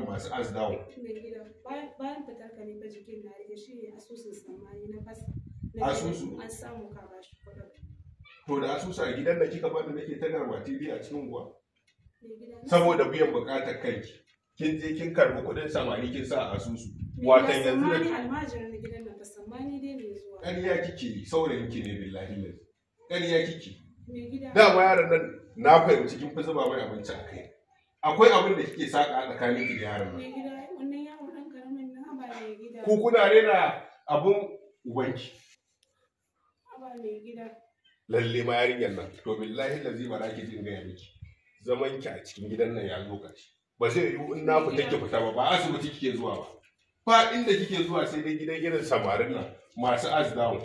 wannan masu asdawo bayan fitar ne jikin na rike shi ne asusun na fas asusu an samu ka ba shi to da asusu a gidan da kika bani nake ta garma tv a cikin guwa saboda biyan buƙatar kanki kin je kin karɓi kudin samari kin sa asusu watan yanzu ne almajirin gidan nan dai mai zuwa ƙarya kike saurayin ki ne billahi ƙarya kike dama yaran nan na fahimci kin fi zuba mai abinci a kai akwai abin da kike saka a tsakanin ki da yaron nan ku kuna rena abun ubanki lalle ma yarinyar nan to billahi lazi ba ki jin gaya miki zaman ki a cikin gidan nan ya zo kashi ba zai yiwu in na fita ki fita ba ba asibiti kike zuwa ba ba inda kike zuwa sai dai gidan irin samarin nan masu azdawo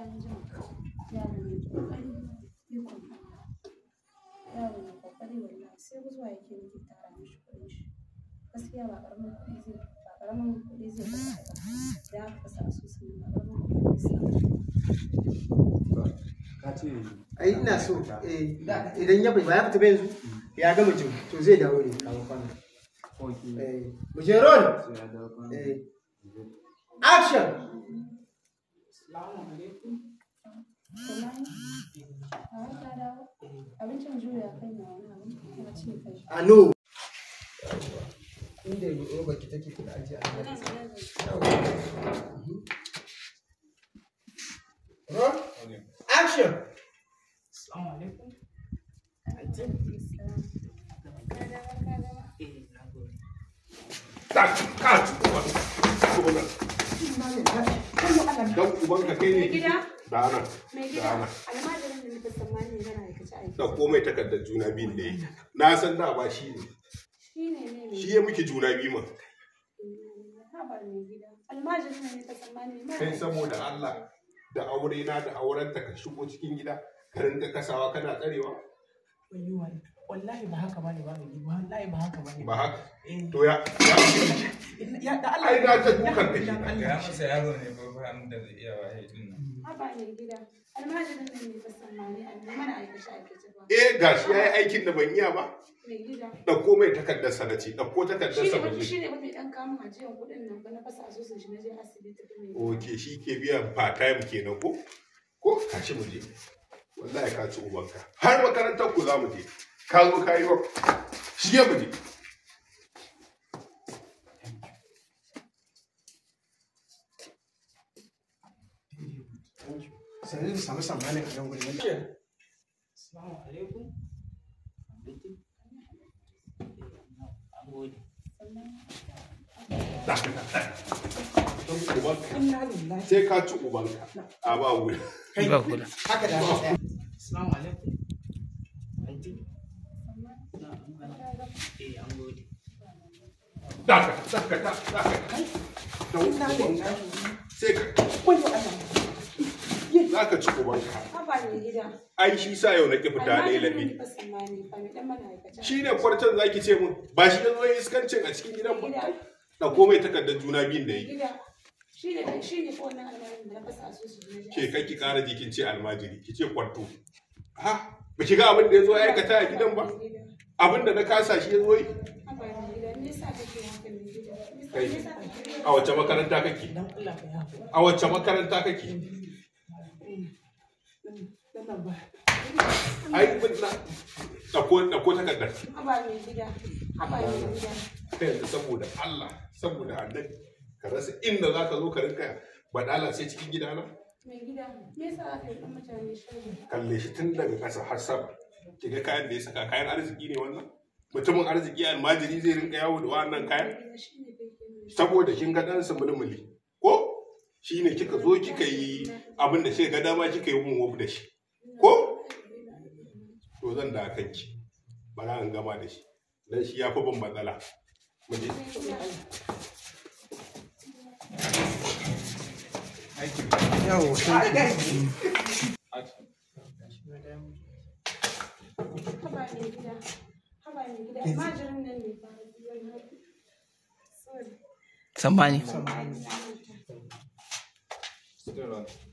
gaskiya ina so eh, idan ya bai ba fita bai ya ga jin to zai dawo ne eh, eh, action abincin action assalamu alaikum Tak, ka ci uban. Uban ka. Dan uban ka kai ne. Gida. dana dana da nufa tsammani yana aikace da komai takardar juna biyun da yi na san da ba shi ne shi ya muke juna biyu ma da kai saboda Allah da aure na da aurenta ka shigo cikin gida ka rinka kasawa kana tsarewa wallahi ba haka bane ba mai wallahi ba haka bane ba haka eh. to ya ya da Allah ai da ta ya masa yaro ne ba ba da zai iya wahayi eh, din nan mai gida ba eh gashi yi aikin da ban iya ba mai gida dauko mai takardar sanaci dauko takardar sanaci shine ba kamun kudin nan ba na fasa asusun shi na je asibiti shi ke biyan part time kenan ko ko ka ci mu je wallahi ka ci ubanka har makarantar ku za mu je ka zo ka yi wa shi ya mu je yanzu su samu sabani a nan gudu ne. Assalamu alaikum. Sai ka ci ubanka a ba wuri. Ba kula. Haka da haka. Assalamu alaikum. Anti. Eh, an gode. Dakata, dakata, dakata. Sai ka. Wani Allah. za ka ci ubanka ai shi sa yau na ki fita da ilimi shi ne kwarcan za ki ce mun ba shi yanzu yi iskancin a cikin gidan ba da komai takardar juna biyun da yi ke kai ki kara jikin ce almajiri ki ce kwarto ha ba ki ga abin da ya zo ya aikata a gidan ba abin da na kasa shi ya zo yi a wace makaranta kake a wace makaranta kake mm-hmm. wannan ba ai na dako dako takardar haba mai gida haba mai gida ta saboda Allah saboda allah ka rasa inda za ka zo ka rinka badala sai cikin gida na mai gida me yasa aka yi mutane shirin kalle shi tun daga ƙasa har sama kiga kayan da ya saka kayan arziki ne wannan mutumin arziki almajiri zai rinka yawo da wannan kayan saboda kin ga dan mulmuli ko shine kika zo kika yi abin da shi ga dama kika yi mun wof da shi ko to zan da kanki bara in gama da shi dan shi ya fi bin matsala muje Somebody. Somebody. Somebody.